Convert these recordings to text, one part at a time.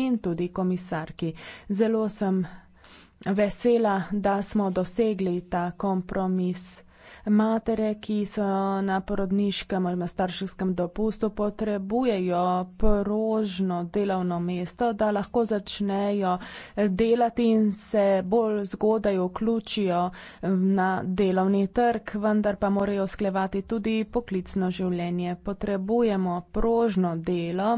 in tudi komisarki. Zelo sem vesela, da smo dosegli ta kompromis. Matere, ki so na porodniškem ali na starševskem dopustu, potrebujejo prožno delovno mesto, da lahko začnejo delati in se bolj zgodaj vključijo na delovni trg, vendar pa morajo sklevati tudi poklicno življenje. Potrebujemo prožno delo,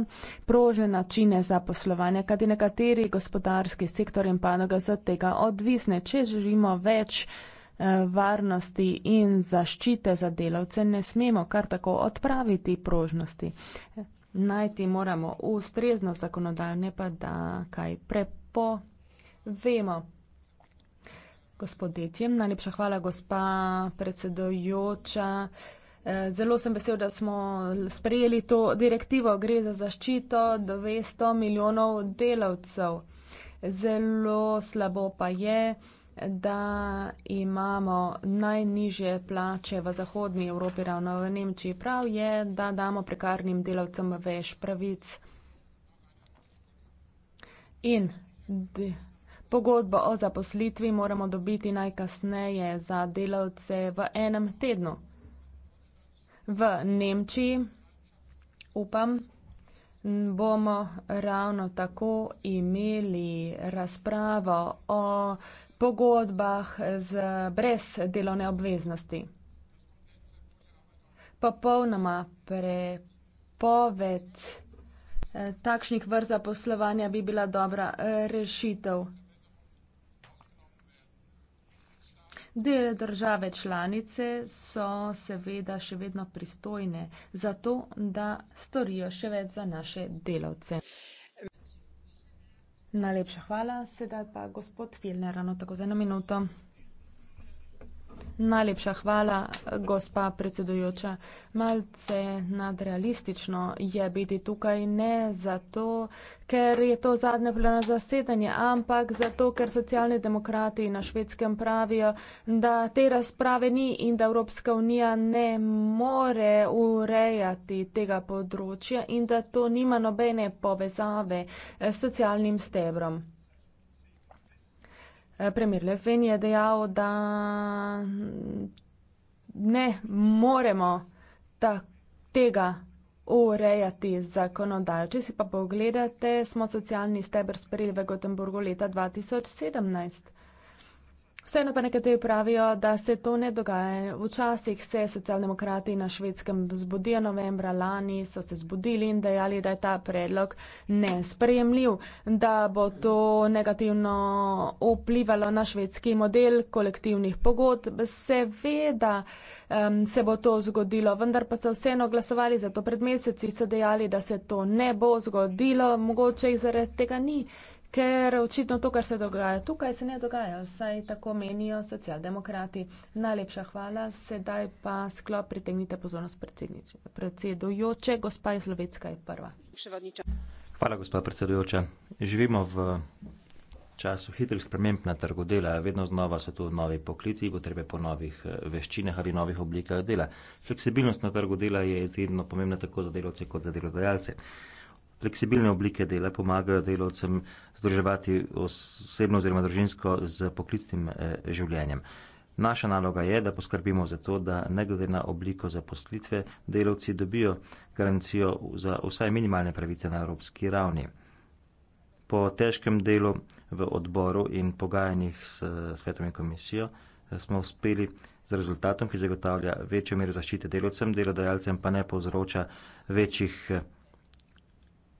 prožne načine za poslovanje, kajti nekateri gospodarski sektor in panoga so tega odvisne. Če želimo več, Eh, varnosti in zaščite za delavce ne smemo kar tako odpraviti prožnosti. Najti moramo ustrezno zakonodajo, ne pa da kaj prepovemo. Gospod Detjem, najlepša hvala, gospa predsedojoča. Eh, zelo sem vesel, da smo sprejeli to direktivo. Gre za zaščito 200 milijonov delavcev. Zelo slabo pa je, da imamo najnižje plače v Zahodnji Evropi, ravno v Nemčiji. Prav je, da damo prekarnim delavcem več pravic. In pogodbo o zaposlitvi moramo dobiti najkasneje za delavce v enem tednu. V Nemčiji, upam, bomo ravno tako imeli razpravo o pogodbah z, brez delovne obveznosti. Popolnoma prepoved eh, takšnih vrst zaposlovanja bi bila dobra eh, rešitev. Del države članice so seveda še vedno pristojne za to, da storijo še več za naše delavce. Najlepša hvala. Sedaj pa gospod Filner, ravno tako za eno minuto. Najlepša hvala, gospa predsedujoča. Malce nadrealistično je biti tukaj ne zato, ker je to zadnje plena zasedanje, ampak zato, ker socialni demokrati na švedskem pravijo, da te razprave ni in da Evropska unija ne more urejati tega področja in da to nima nobene povezave s socialnim stebrom. Eh, Premir Leven je dejal, da ne moremo ta, tega urejati zakonodajo. Če si pa pogledate, smo socialni steber sprejeli v Gotemburgu leta 2017. Vseeno pa nekateri pravijo, da se to ne dogaja. Včasih se socialdemokrati na švedskem zbudijo novembra lani, so se zbudili in dejali, da je ta predlog nesprejemljiv, da bo to negativno vplivalo na švedski model kolektivnih pogod. Seveda um, se bo to zgodilo, vendar pa so vseeno glasovali za to. Pred meseci so dejali, da se to ne bo zgodilo, mogoče jih zaradi tega ni ker očitno to, kar se dogaja tukaj, se ne dogaja, vsaj tako menijo socialdemokrati. Najlepša hvala, sedaj pa sklop pritegnite pozornost predsedujoče. Gospa je Slovecka je prva. Hvala, gospa predsedujoča. Živimo v času hitrih sprememb na trgu dela, vedno znova so tu novi poklici, potrebe po novih eh, veščinah ali novih oblikah dela. Fleksibilnost na trgu dela je izredno pomembna tako za delovce kot za delodajalce. Fleksibilne oblike dela pomagajo delovcem združevati osebno oziroma družinsko z poklicnim eh, življenjem. Naša naloga je, da poskrbimo za to, da ne glede na obliko zaposlitve delovci dobijo garancijo za vsaj minimalne pravice na evropski ravni. Po težkem delu v odboru in pogajanjih s svetom in komisijo eh, smo uspeli z rezultatom, ki zagotavlja večjo mero zaščite delovcem, delodajalcem pa ne povzroča večjih problemov eh,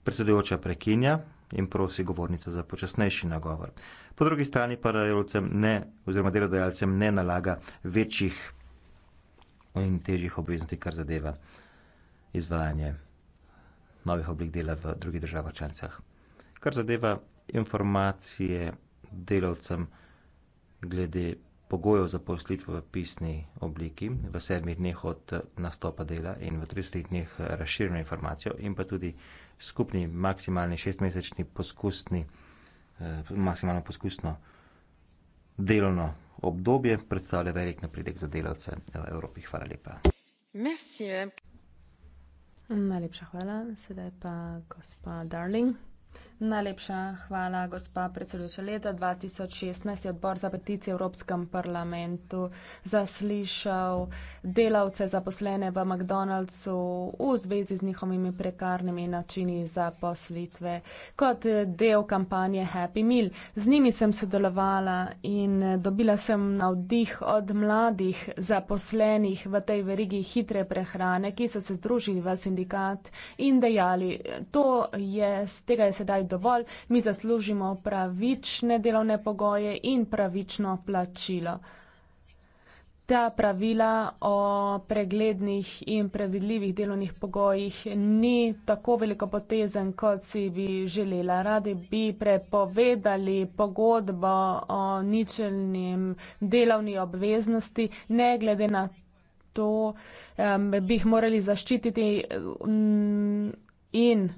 predsedujoča prekinja in prosi govornico za počasnejši nagovor. Po drugi strani pa delovcem ne, oziroma delodajalcem ne nalaga večjih in težjih obveznosti, kar zadeva izvajanje novih oblik dela v drugih državah članicah. Kar zadeva informacije delavcem glede pogojev za poslitev v pisni obliki v sedmih dneh od nastopa dela in v 30 dneh razširjeno informacijo in pa tudi skupni maksimalni šestmesečni poskusni, eh, maksimalno poskusno delovno obdobje predstavlja velik napredek za delavce v Evropi. Hvala lepa. Merci. Najlepša hvala. Sedaj pa gospa Darling. Najlepša hvala, gospa predsedujoča. Leta 2016 je odbor za peticije v Evropskem parlamentu zaslišal delavce zaposlene v McDonald'su v zvezi z njihovimi prekarnimi načini zaposlitve kot del kampanje Happy Meal. Z njimi sem sodelovala in dobila sem navdih od mladih zaposlenih v tej verigi hitre prehrane, ki so se združili v sindikat in dejali, to je, z tega je sedaj dobro dovolj, mi zaslužimo pravične delovne pogoje in pravično plačilo. Ta pravila o preglednih in predvidljivih delovnih pogojih ni tako veliko potezen, kot si bi želela. Radi bi prepovedali pogodbo o ničelnim delovni obveznosti, ne glede na to, um, bi jih morali zaščititi um, in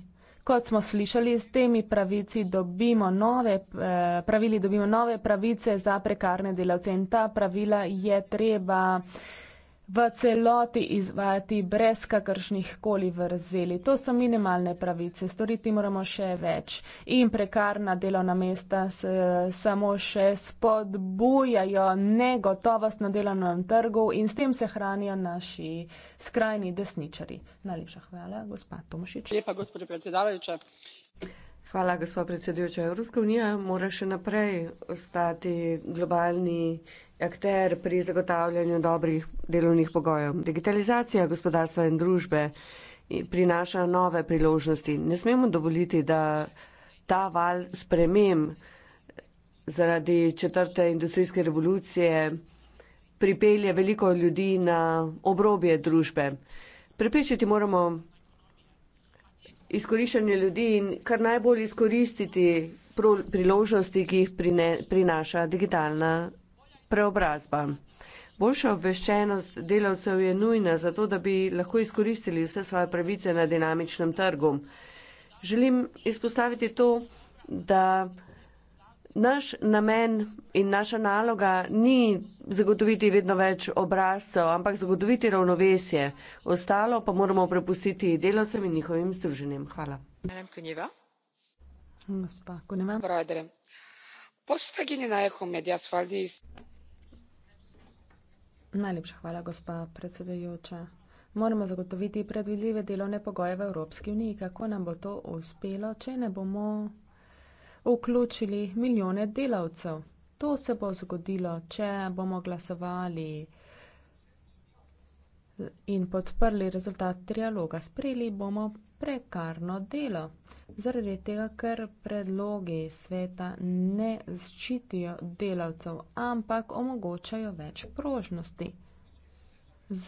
kot smo slišali, s temi pravici dobimo nove, eh, pravili dobimo nove pravice za prekarne delavce in ta pravila je treba eh, v celoti izvajati brez kakršnih koli vrzeli. To so minimalne pravice, storiti moramo še več. In prekarna delovna mesta se samo še spodbujajo negotovost na delovnem trgu in s tem se hranijo naši skrajni desničari. Najlepša hvala, gospa Tomšič. Lepa, gospodje predsedavajoče. Hvala, gospod predsedujoča. Evropska unija mora še naprej ostati globalni akter pri zagotavljanju dobrih delovnih pogojev. Digitalizacija gospodarstva in družbe prinaša nove priložnosti. Ne smemo dovoliti, da ta val spremem zaradi četrte industrijske revolucije pripelje veliko ljudi na obrobje družbe. Prepečiti moramo izkoriščanje ljudi in kar najbolj izkoristiti priložnosti, ki jih prinaša digitalna preobrazba. Boljša obveščenost delavcev je nujna, zato da bi lahko izkoristili vse svoje pravice na dinamičnem trgu. Želim izpostaviti to, da naš namen in naša naloga ni zagotoviti vedno več obrazcev, ampak zagotoviti ravnovesje. Ostalo pa moramo prepustiti delavcem in njihovim združenjem. Hvala. Gospa Kuneva. Postagini najhomedja svaldi. Najlepša hvala, gospa predsedujoča. Moramo zagotoviti predvidljive delovne pogoje v Evropski uniji. Kako nam bo to uspelo, če ne bomo vključili milijone delavcev? To se bo zgodilo, če bomo glasovali in podprli rezultat trialoga. Sprejeli bomo prekarno delo, zaradi tega, ker predlogi sveta ne zaščitijo delavcev, ampak omogočajo več prožnosti.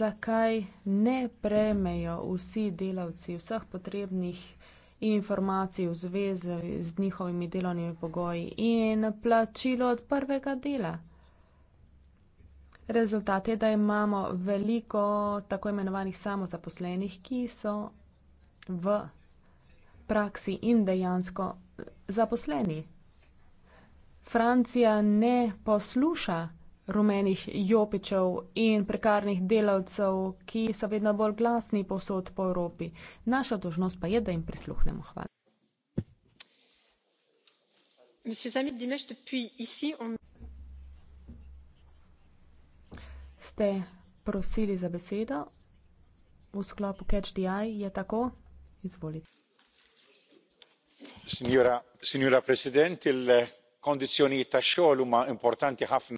Zakaj ne premejo vsi delavci vseh potrebnih informacij v zvezi z njihovimi delovnimi pogoji in plačilo od prvega dela? Rezultat je, da imamo veliko tako imenovanih samozaposlenih, ki so v praksi in dejansko zaposleni. Francija ne posluša rumenih jopičev in prekarnih delavcev, ki so vedno bolj glasni posod po Evropi. Naša dožnost pa je, da jim prisluhnemo. Hvala. Monsieur Samit Dimash, depuis ici, on... ste prosili za besedo v sklopu Catch the Eye, je tako? Izvolite. Signora, signora presidente, le condizioni tašoluma importanti hafna.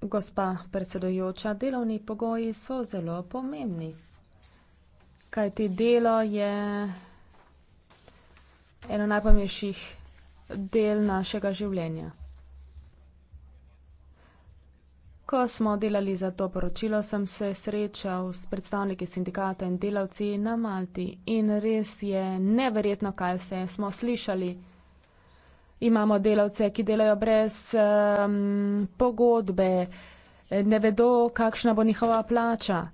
Gospa predsedujoča, delovni pogoji so zelo pomembni. Kajti delo je eno najpomembnejših del našega življenja. Ko smo delali za to poročilo, sem se srečal s predstavniki sindikata in delavci na Malti in res je neverjetno, kaj vse smo slišali. Imamo delavce, ki delajo brez um, pogodbe, ne vedo, kakšna bo njihova plača.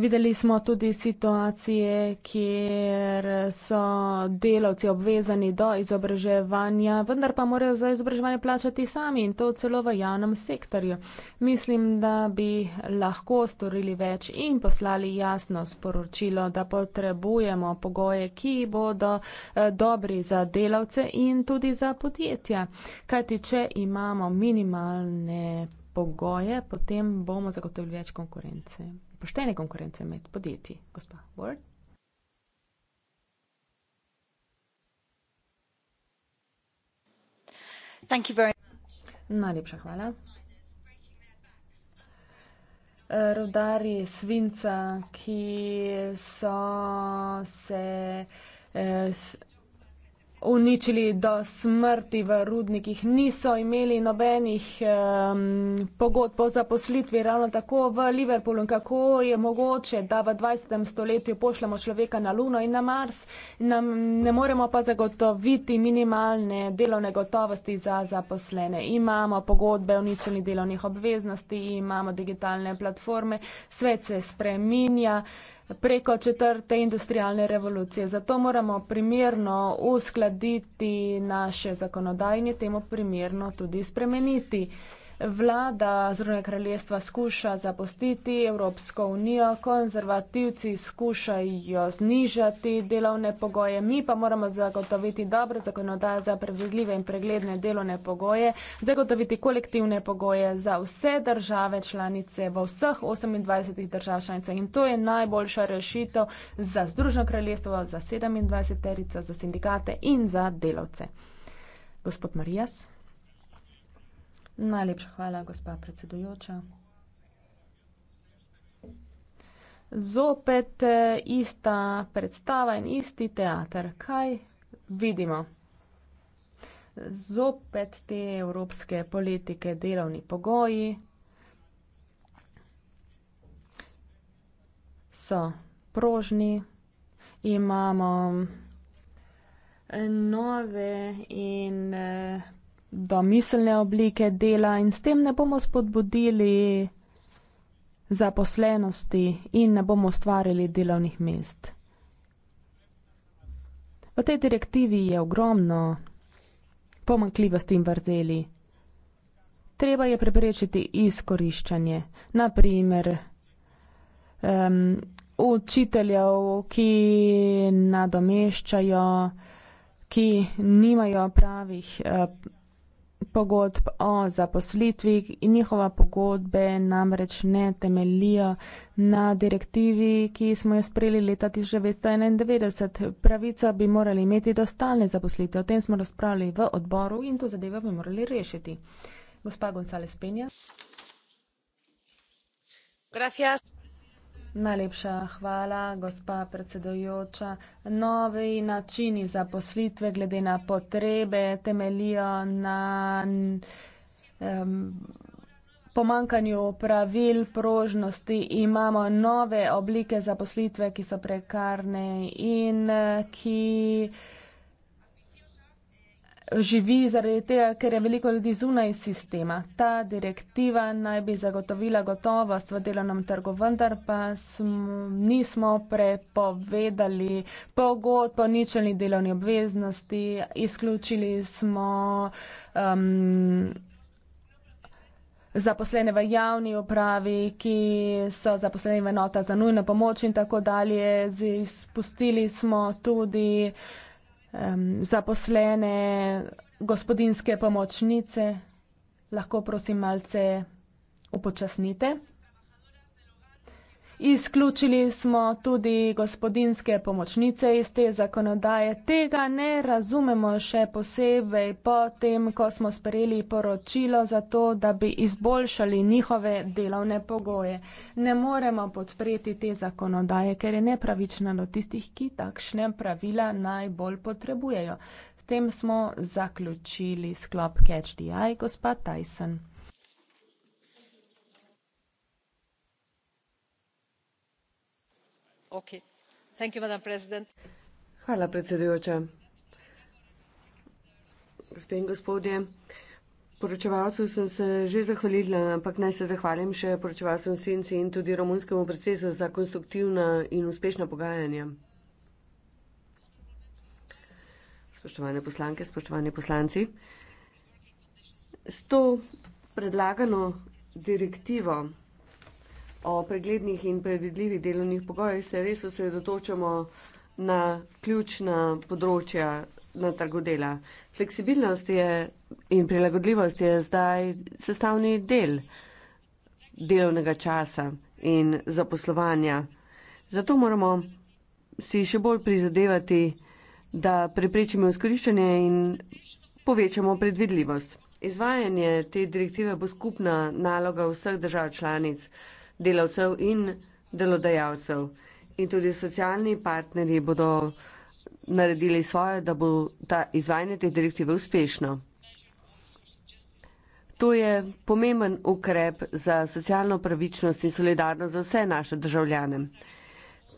Videli smo tudi situacije, kjer so delavci obvezani do izobraževanja, vendar pa morajo za izobraževanje plačati sami in to celo v javnem sektorju. Mislim, da bi lahko storili več in poslali jasno sporočilo, da potrebujemo pogoje, ki bodo eh, dobri za delavce in tudi za podjetja. Kajti, če imamo minimalne pogoje, potem bomo zagotovili več konkurence poštene konkurence med podjetji. Gospa Ward. Najlepša hvala. Rudarji svinca, ki so se eh, uničili do smrti v rudnikih, niso imeli nobenih um, pogodb po zaposlitvi, ravno tako v Liverpoolu. In kako je mogoče, da v 20. stoletju pošljemo človeka na Luno in na Mars, nam ne moremo pa zagotoviti minimalne delovne gotovosti za zaposlene. Imamo pogodbe o uničenju delovnih obveznosti, imamo digitalne platforme, svet se spreminja preko četrte industrialne revolucije. Zato moramo primerno uskladiti naše zakonodajne temu primerno tudi spremeniti. Vlada Zrune kraljestva skuša zapustiti Evropsko unijo, konzervativci skušajo znižati delovne pogoje, mi pa moramo zagotoviti dobro zakonodajo za predvidljive in pregledne delovne pogoje, zagotoviti kolektivne pogoje za vse države članice v vseh 28 držav članice in to je najboljša rešitev za Združeno kraljestvo, za 27 terico, za sindikate in za delavce. Gospod Marijas. Najlepša hvala, gospa predsedujoča. Zopet eh, ista predstava in isti teater. Kaj vidimo? Zopet te evropske politike, delovni pogoji so prožni, imamo eh, nove in eh, do miselne oblike dela in s tem ne bomo spodbudili zaposlenosti in ne bomo ustvarili delovnih mest. V tej direktivi je ogromno pomankljivosti in vrzeli. Treba je preprečiti izkoriščanje, naprimer um, učiteljev, ki nadomeščajo, ki nimajo pravih uh, pogodb o zaposlitvi in njihova pogodbe namreč ne temelijo na direktivi, ki smo jo sprejeli leta 1991. Pravico bi morali imeti do stalne zaposlitve. O tem smo razpravljali v odboru in to zadevo bi morali rešiti. Gospa González Penja. Najlepša hvala, gospa predsedojoča. Novi načini za poslitve glede na potrebe temelijo na um, pomankanju pravil prožnosti. Imamo nove oblike za poslitve, ki so prekarne in ki uh, živi zaradi tega, ker je veliko ljudi zunaj sistema. Ta direktiva naj bi zagotovila gotovost v delovnem trgu, vendar pa smo, nismo prepovedali pogod, poničeni delovni obveznosti, izključili smo um, zaposlene v javni upravi, ki so zaposleni v enota za nujno pomoč in tako dalje. Izpustili smo tudi uh, um, zaposlene, gospodinske pomočnice, lahko prosim malce upočasnite. Izključili smo tudi gospodinske pomočnice iz te zakonodaje. Tega ne razumemo še posebej potem, ko smo sprejeli poročilo za to, da bi izboljšali njihove delovne pogoje. Ne moremo podpreti te zakonodaje, ker je nepravična do tistih, ki takšne pravila najbolj potrebujejo. S tem smo zaključili sklop Catch the Eye, gospa Tyson. Hvala, predsedujoča. Gospe in gospodje, poročevalcu sem se že zahvalila, ampak naj se zahvalim še poročevalcem Senci in tudi romunskemu predsedstvu za konstruktivna in uspešna pogajanja. Spoštovane poslanke, spoštovani poslanci. S to predlagano direktivo o preglednih in predvidljivih delovnih pogojih se res osredotočamo na ključna področja na trgu dela. Fleksibilnost je in prilagodljivost je zdaj sestavni del delovnega časa in zaposlovanja. Zato moramo si še bolj prizadevati, da preprečimo izkoriščanje in povečamo predvidljivost. Izvajanje te direktive bo skupna naloga vseh držav članic delavcev in delodajalcev. In tudi socialni partnerji bodo naredili svoje, da bo ta izvajanje te direktive uspešno. To je pomemben ukrep za socialno pravičnost in solidarnost za vse naše državljane.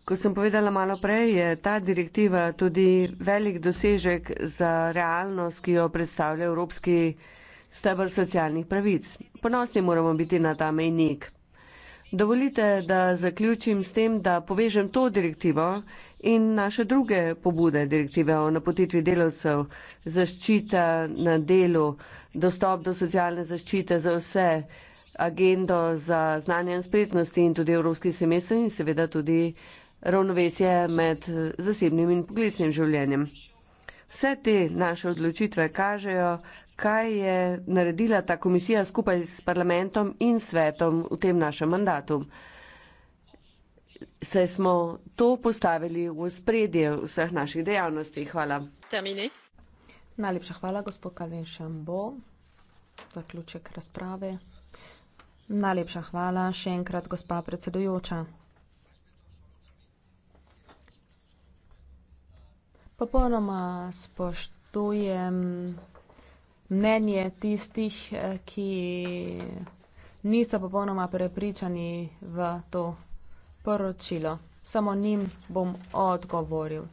Kot sem povedala malo prej, je ta direktiva tudi velik dosežek za realnost, ki jo predstavlja Evropski stebr socialnih pravic. Ponosni moramo biti na ta mejnik. Dovolite, da zaključim s tem, da povežem to direktivo in naše druge pobude direktive o napotitvi delavcev, zaščita na delu, dostop do socialne zaščite za vse, agendo za znanje in spretnosti in tudi evropski semester in seveda tudi ravnovesje med zasebnim in poklicnim življenjem. Vse te naše odločitve kažejo, kaj je naredila ta komisija skupaj s parlamentom in svetom v tem našem mandatu. Se smo to postavili v spredje vseh naših dejavnosti. Hvala. Termini. Najlepša hvala, gospod Kalvin Šambo. Zaključek razprave. Najlepša hvala še enkrat, gospa predsedujoča. Popolnoma spoštujem mnenje tistih, eh, ki niso popolnoma prepričani v to poročilo. Samo njim bom odgovoril.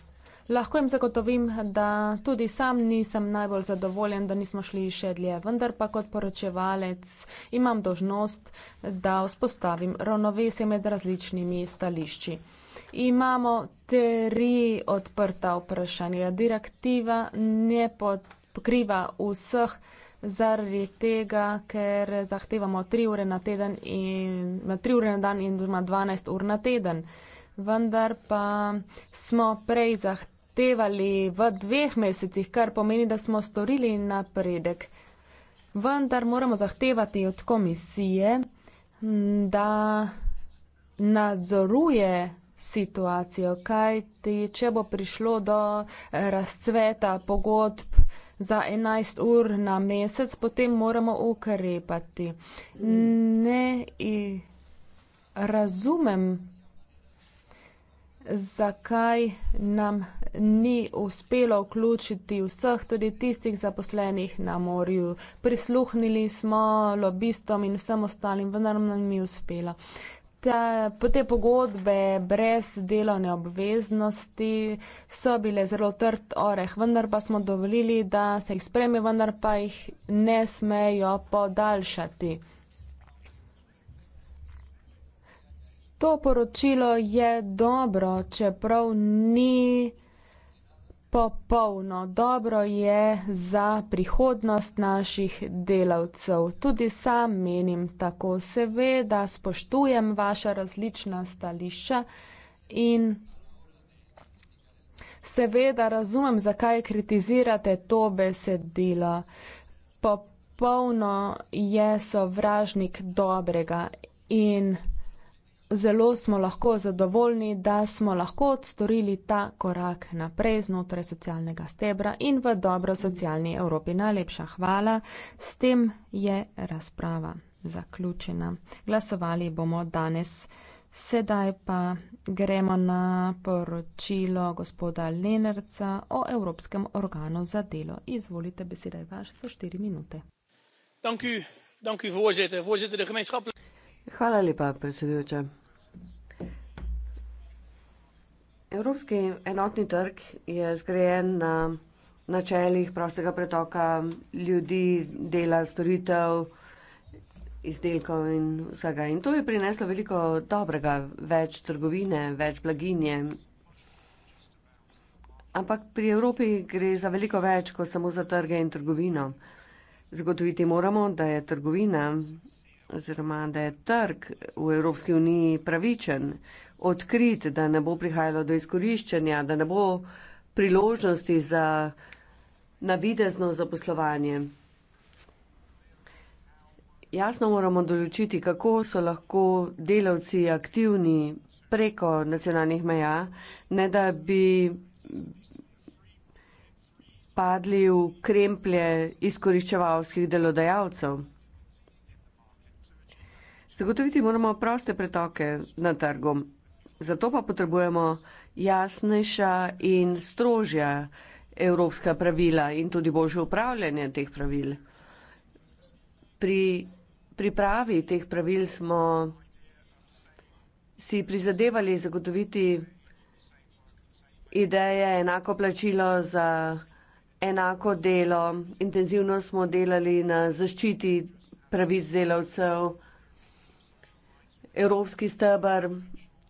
Lahko jim zagotovim, da tudi sam nisem najbolj zadovoljen, da nismo šli še dlje, vendar pa kot poročevalec imam dožnost, da vzpostavim ravnovesje med različnimi stališči. Imamo tri odprta vprašanja. Direktiva ne pod pokriva vseh zaradi tega, ker zahtevamo 3 ure na teden in 3 ure na dan in 12 ur na teden. Vendar pa smo prej zahtevali v dveh mesecih, kar pomeni, da smo storili napredek. Vendar moramo zahtevati od komisije, da nadzoruje situacijo, kaj ti, če bo prišlo do eh, razcveta pogodb, za 11 ur na mesec, potem moramo ukrepati. Ne razumem, zakaj nam ni uspelo vključiti vseh, tudi tistih zaposlenih na morju. Prisluhnili smo lobistom in vsem ostalim, vendar nam ni uspelo. Te, po te pogodbe brez delovne obveznosti so bile zelo trd oreh, vendar pa smo dovolili, da se jih spremi, vendar pa jih ne smejo podaljšati. To poročilo je dobro, čeprav ni popolno dobro je za prihodnost naših delavcev. Tudi sam menim tako. Seveda spoštujem vaša različna stališča in seveda razumem, zakaj kritizirate to besedilo. Popolno je sovražnik dobrega in zelo smo lahko zadovoljni, da smo lahko odstorili ta korak naprej znotraj socialnega stebra in v dobro socialni Evropi. Najlepša hvala. S tem je razprava zaključena. Glasovali bomo danes. Sedaj pa gremo na poročilo gospoda Lenerca o Evropskem organu za delo. Izvolite, beseda je vaša za štiri minute. Danku, danku, vožete, vožete Hvala lepa, predsedujoča. Evropski enotni trg je zgrajen na načelih prostega pretoka ljudi, dela, storitev, izdelkov in vsega. In to je prineslo veliko dobrega, več trgovine, več blaginje. Ampak pri Evropi gre za veliko več kot samo za trge in trgovino. Zagotoviti moramo, da je trgovina oziroma da je trg v Evropski uniji pravičen, odkrit, da ne bo prihajalo do izkoriščanja, da ne bo priložnosti za navidezno zaposlovanje. Jasno moramo določiti, kako so lahko delavci aktivni preko nacionalnih meja, ne da bi padli v kremplje izkoriščevalskih delodajalcev. Zagotoviti moramo proste pretoke na trgu, zato pa potrebujemo jasnejša in strožja evropska pravila in tudi božje upravljanje teh pravil. Pri pripravi teh pravil smo si prizadevali zagotoviti ideje, enako plačilo za enako delo. Intenzivno smo delali na zaščiti pravic delavcev. Evropski stebr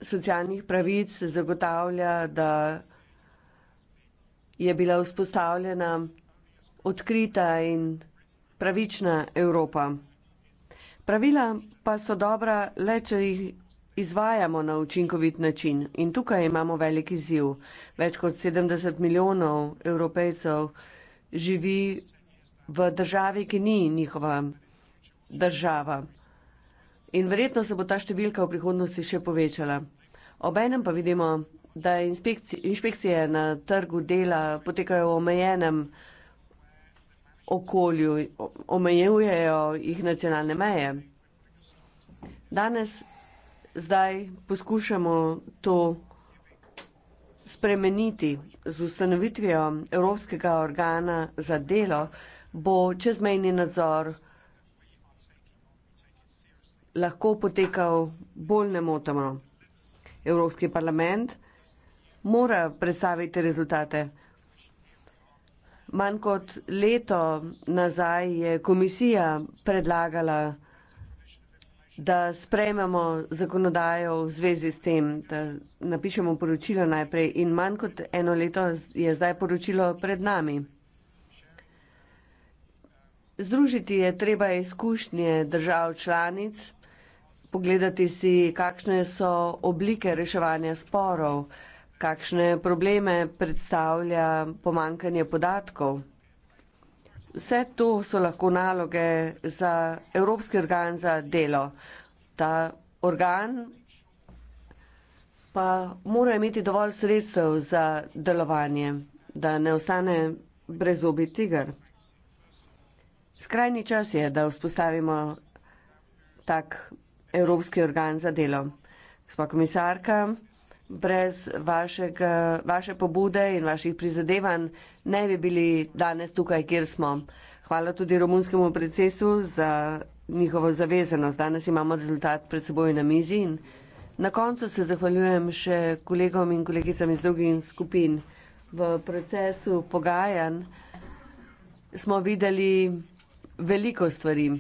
socialnih pravic zagotavlja, da je bila vzpostavljena odkrita in pravična Evropa. Pravila pa so dobra le, če jih izvajamo na učinkovit način in tukaj imamo velik izziv. Več kot 70 milijonov evropejcev živi v državi, ki ni njihova država. In verjetno se bo ta številka v prihodnosti še povečala. Obenem pa vidimo, da inšpekcije na trgu dela potekajo v omejenem okolju, omejujejo jih nacionalne meje. Danes, zdaj poskušamo to spremeniti z ustanovitvijo Evropskega organa za delo, bo čezmejni nadzor lahko potekal bolj nemotoma. Evropski parlament mora predstaviti rezultate. Manj kot leto nazaj je komisija predlagala, da sprejmemo zakonodajo v zvezi s tem, da napišemo poročilo najprej in manj kot eno leto je zdaj poročilo pred nami. Združiti je treba izkušnje držav članic, pogledati si, kakšne so oblike reševanja sporov, kakšne probleme predstavlja pomankanje podatkov. Vse to so lahko naloge za Evropski organ za delo. Ta organ pa mora imeti dovolj sredstev za delovanje, da ne ostane brezobi tiger. Skrajni čas je, da vzpostavimo tak Evropski organ za delo. Gospa komisarka, brez vašega, vaše pobude in vaših prizadevanj ne bi bili danes tukaj, kjer smo. Hvala tudi romunskemu predsedstvu za njihovo zavezanost. Danes imamo rezultat pred seboj na mizi in na koncu se zahvaljujem še kolegom in kolegicam iz drugih skupin. V procesu pogajanj smo videli veliko stvari.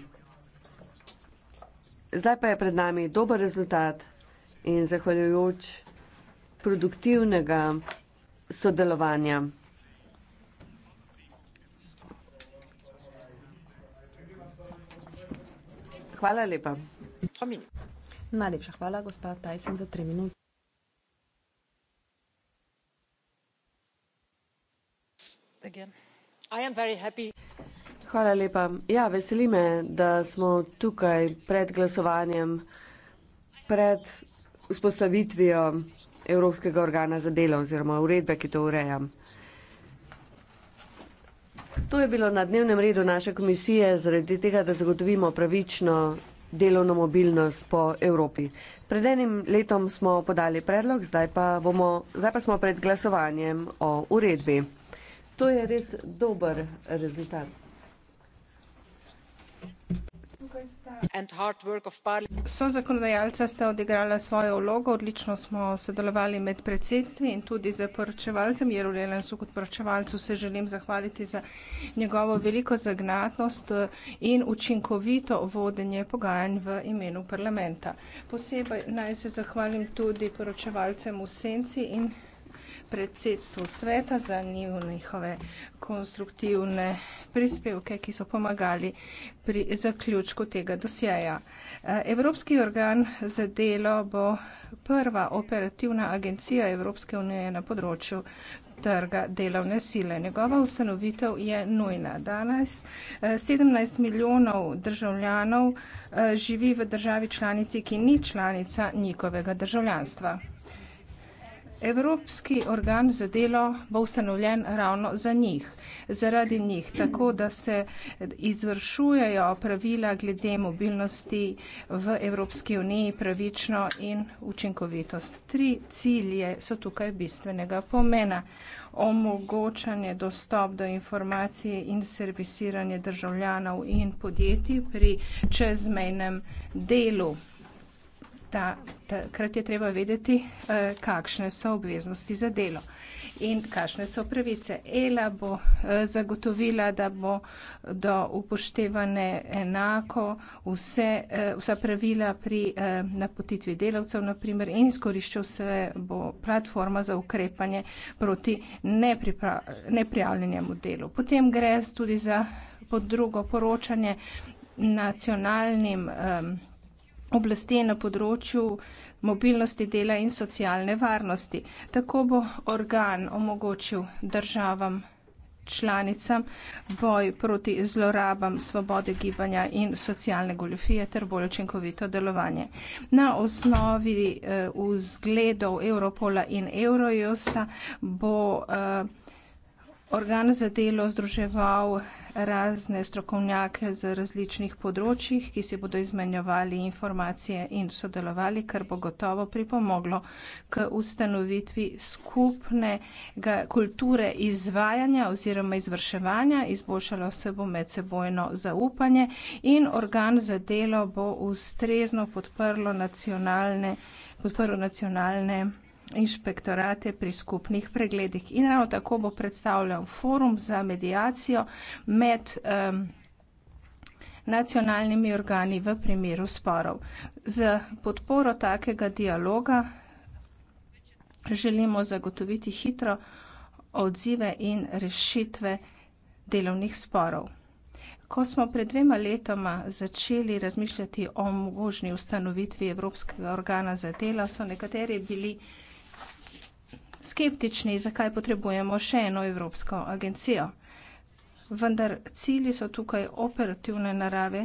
Zdaj pa je pred nami dober rezultat in zahvaljujoč produktivnega sodelovanja. Hvala lepa. Najlepša hvala, gospa Tyson, za tri minute. Hvala lepa. Ja, veseli me, da smo tukaj pred glasovanjem, pred vzpostavitvijo Evropskega organa za delo oziroma uredbe, ki to ureja. To je bilo na dnevnem redu naše komisije zaradi tega, da zagotovimo pravično delovno mobilnost po Evropi. Pred enim letom smo podali predlog, zdaj pa, bomo, zdaj pa smo pred glasovanjem o uredbi. To je res dober rezultat. Sozakonodajalca sta odigrala svojo vlogo, odlično smo sodelovali med predsedstvi in tudi z poročevalcem Jeru Lelensu kot poročevalcu se želim zahvaliti za njegovo veliko zagnatnost eh, in učinkovito vodenje pogajanj v imenu parlamenta. Posebej naj se zahvalim tudi poročevalcem v senci in predsedstvu sveta za njihove konstruktivne prispevke, ki so pomagali pri zaključku tega dosjeja. Evropski organ za delo bo prva operativna agencija Evropske unije na področju trga delovne sile. Njegova ustanovitev je nujna. Danes 17 eh, milijonov državljanov eh, živi v državi članici, ki ni članica njihovega državljanstva. Evropski organ za delo bo ustanovljen ravno za njih, zaradi njih, tako da se izvršujejo pravila glede mobilnosti v Evropski uniji pravično in učinkovitost. Tri cilje so tukaj bistvenega pomena. Omogočanje dostop do informacije in servisiranje državljanov in podjetij pri čezmejnem delu da takrat je treba vedeti, eh, kakšne so obveznosti za delo in kakšne so pravice. Ela bo eh, zagotovila, da bo do upoštevane enako vse, eh, vsa pravila pri napotitvi delavcev, naprimer, in izkoriščal se bo platforma za ukrepanje proti neprijavljenjemu delu. Potem gre tudi za pod drugo poročanje nacionalnim um, oblasti na področju mobilnosti dela in socialne varnosti. Tako bo organ omogočil državam članicam boj proti zlorabam svobode gibanja in socialne goljofije ter bolj učinkovito delovanje. Na osnovi eh, vzgledov eh, Europola in Eurojusta bo eh, organ za delo združeval razne strokovnjake z različnih področjih, ki si bodo izmenjevali informacije in sodelovali, kar bo gotovo pripomoglo k ustanovitvi skupne kulture izvajanja oziroma izvrševanja, izboljšalo se bo medsebojno zaupanje in organ za delo bo ustrezno podprlo nacionalne, podprlo nacionalne inšpektorate pri skupnih pregledih. In ravno tako bo predstavljen forum za medijacijo med um, nacionalnimi organi v primeru sporov. Z podporo takega dialoga želimo zagotoviti hitro odzive in rešitve delovnih sporov. Ko smo pred dvema letoma začeli razmišljati o možni ustanovitvi Evropskega organa za delo, so nekateri bili uh, skeptični, zakaj potrebujemo še eno Evropsko agencijo. Vendar cilji so tukaj operativne narave,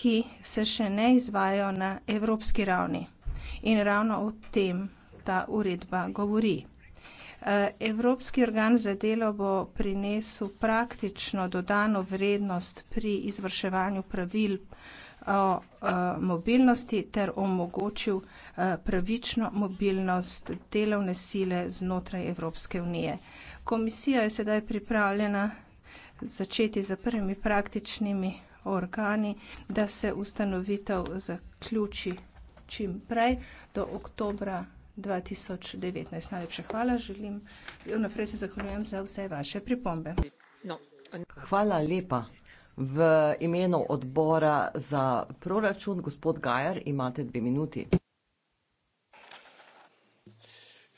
ki se še ne izvajo na evropski ravni. In ravno o tem ta uredba govori. Eh, evropski organ za delo bo prinesel praktično dodano vrednost pri izvrševanju pravil o, o eh, mobilnosti ter omogočil Eh, pravično mobilnost delovne sile znotraj Evropske unije. Komisija je sedaj pripravljena začeti z za prvimi praktičnimi organi, da se ustanovitev zaključi čim prej do oktobra 2019. Najlepša hvala, želim naprej se zahvaljujem za vse vaše pripombe. No, hvala lepa. V imenu odbora za proračun, gospod Gajar, imate dve minuti.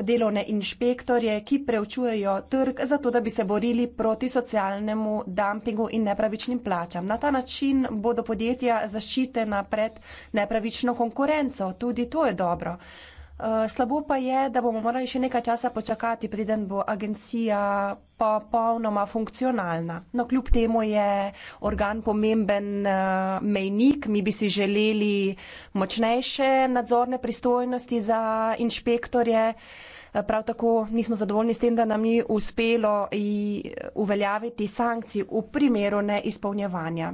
delovne inšpektorje, ki preučujejo trg, zato da bi se borili proti socialnemu dumpingu in nepravičnim plačam. Na ta način bodo podjetja zaščitena pred nepravično konkurenco. Tudi to je dobro. Eh, slabo pa je, da bomo morali še nekaj časa počakati, preden bo agencija popolnoma funkcionalna. No, kljub temu je organ pomemben eh, mejnik, mi bi si želeli močnejše nadzorne pristojnosti za inšpektorje. Eh, prav tako nismo zadovoljni s tem, da nam ni uspelo uveljaviti sankcij v primeru neizpolnjevanja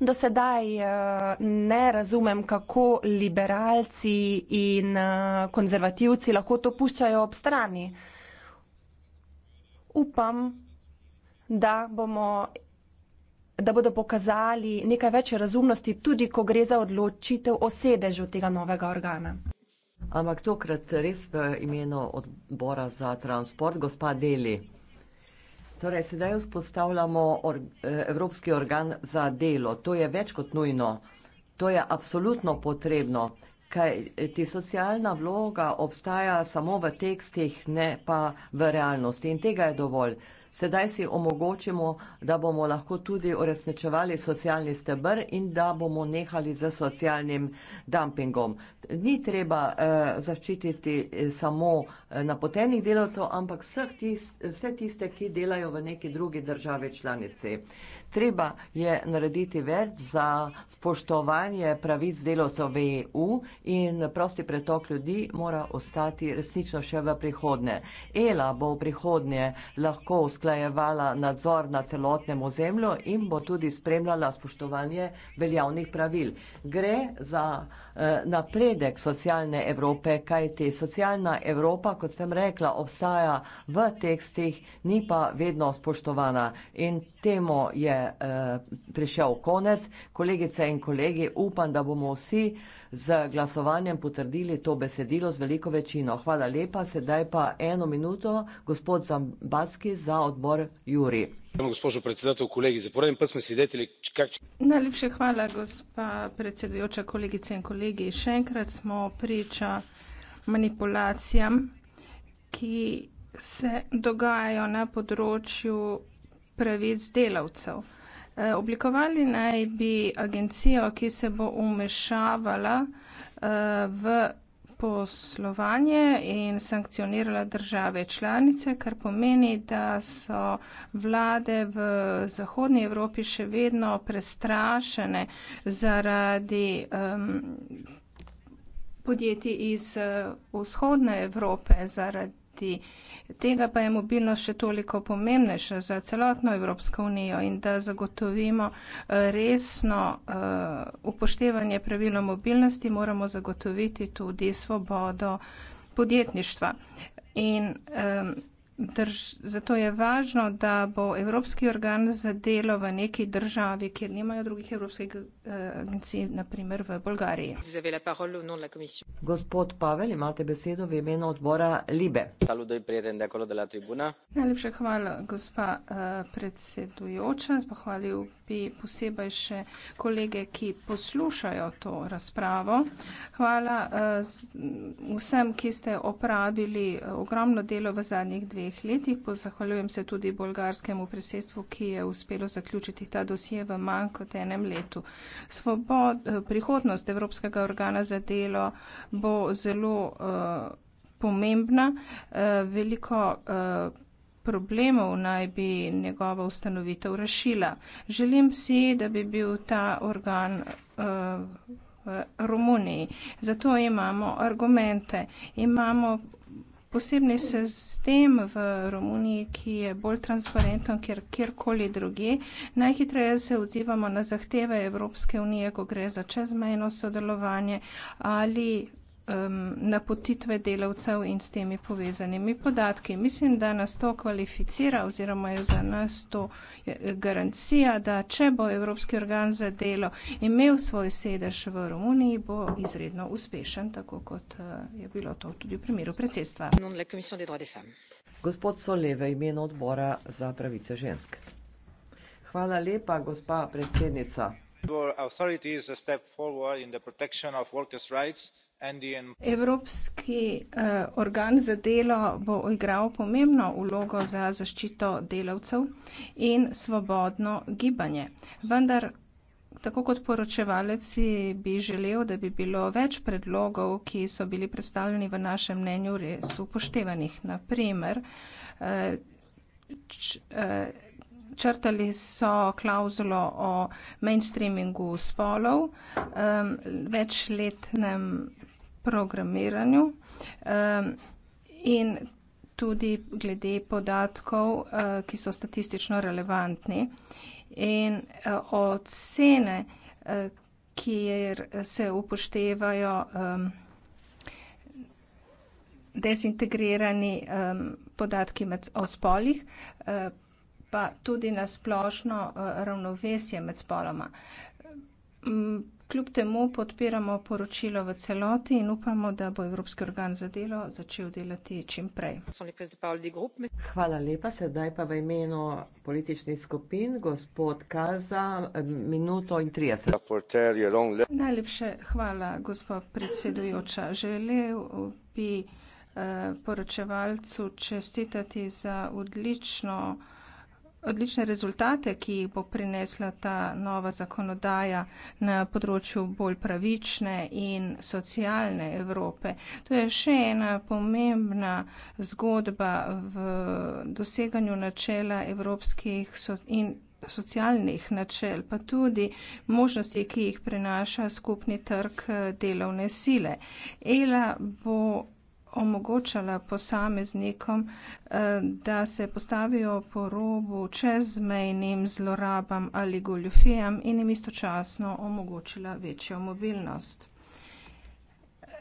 do sedaj eh, ne razumem, kako liberalci in eh, konzervativci lahko to puščajo ob strani. Upam, da, bomo, da bodo pokazali nekaj več razumnosti, tudi ko gre za odločitev o sedežu tega novega organa. Ampak tokrat res v imenu odbora za transport, gospa Deli. Torej, sedaj vzpostavljamo or, eh, Evropski organ za delo. To je več kot nujno. To je absolutno potrebno, kaj eh, ti socialna vloga obstaja samo v tekstih, ne pa v realnosti. In tega je dovolj sedaj si omogočimo, da bomo lahko tudi uresničevali socialni stebr in da bomo nehali z socialnim dumpingom. Ni treba eh, zaščititi eh, samo eh, napotenih delavcev, ampak vseh tist, vse tiste, ki delajo v neki drugi državi članici. Treba je narediti več za spoštovanje pravic delovcev v EU in prosti pretok ljudi mora ostati resnično še v prihodnje. ELA bo v prihodnje lahko usklajevala nadzor na celotnem ozemlju in bo tudi spremljala spoštovanje veljavnih pravil. Gre za Eh, napredek socialne Evrope, kajti socialna Evropa, kot sem rekla, obstaja v tekstih, ni pa vedno spoštovana. In temu je eh, prišel konec. Kolegice in kolegi, upam, da bomo vsi z glasovanjem potrdili to besedilo z veliko večino. Hvala lepa, sedaj pa eno minuto, gospod Zambacki za odbor Juri gospa predsedujoča najlepša hvala gospa predsedujoča kolegice in kolegi še enkrat smo priča manipulacijam ki se dogajajo na področju pravic delavcev eh, oblikovali naj bi agencijo ki se bo vmešavala eh, v poslovanje in sankcionirala države članice, kar pomeni, da so vlade v Zahodnji Evropi še vedno prestrašene zaradi um, podjetij iz uh, Vzhodne Evrope, zaradi uh, Tega pa je mobilnost še toliko pomembnejša za celotno Evropsko unijo in da zagotovimo eh, resno eh, upoštevanje pravila mobilnosti, moramo zagotoviti tudi svobodo podjetništva. In um, drž, zato je važno, da bo Evropski organ za delo v neki državi, kjer nimajo drugih evropskih eh, agencij, naprimer v Bolgariji. Gospod Pavel, imate besedo v imenu odbora Libe. Najlepša hvala, gospa uh, predsedujoča. Zahvalil bi posebej še kolege, ki poslušajo to razpravo. Hvala eh, vsem, ki ste opravili eh, ogromno delo v zadnjih dveh letih. Pozahvaljujem se tudi bolgarskemu presedstvu, ki je uspelo zaključiti ta dosje v manj kot enem letu. Svobod, eh, prihodnost Evropskega organa za delo bo zelo pomembna. Veliko problemov naj bi njegova ustanovitev rešila. Želim si, da bi bil ta organ uh, v Romuniji. Zato imamo argumente. Imamo posebni sistem v Romuniji, ki je bolj transparenten, kjer kjerkoli drugi. Najhitreje se odzivamo na zahteve Evropske unije, ko gre za čezmejno sodelovanje ali um, napotitve delavcev in s temi povezanimi podatki. Mislim, da nas to kvalificira oziroma je za nas to garancija, da če bo Evropski organ za delo imel svoj sedež v Romuniji, bo izredno uspešen, tako kot uh, je bilo to tudi v primeru predsedstva. Gospod Soleve, imen odbora za pravice žensk. Hvala lepa, gospa predsednica. Our authorities a step forward in the protection of workers' rights. Evropski uh, organ za delo bo igral pomembno vlogo za zaščito delavcev in svobodno gibanje. Vendar, tako kot poročevalec, bi želel, da bi bilo več predlogov, ki so bili predstavljeni v našem mnenju, res upoštevanih. Naprimer, uh, eh, č, uh, črtali so klauzulo o mainstreamingu spolov, um, večletnem programiranju um, in tudi glede podatkov, uh, ki so statistično relevantni. In uh, ocene, uh, kjer se upoštevajo um, desintegrirani um, podatki med, o spolih, uh, pa tudi na splošno eh, ravnovesje med spoloma. Mm, kljub temu podpiramo poročilo v celoti in upamo, da bo Evropski organ za delo začel delati čim prej. Hvala lepa, sedaj pa v imenu političnih skupin, gospod Kaza, eh, minuto in 30. Najlepše hvala, gospod predsedujoča. Želel bi eh, poročevalcu čestitati za odlično odlične rezultate, ki jih bo prinesla ta nova zakonodaja na področju bolj pravične in socialne Evrope. To je še ena pomembna zgodba v doseganju načela evropskih so in socialnih načel, pa tudi možnosti, ki jih prinaša skupni trg eh, delovne sile. Ela bo omogočala posameznikom, eh, da se postavijo po robu čezmejnim zlorabam ali goljofijam in jim istočasno omogočila večjo mobilnost.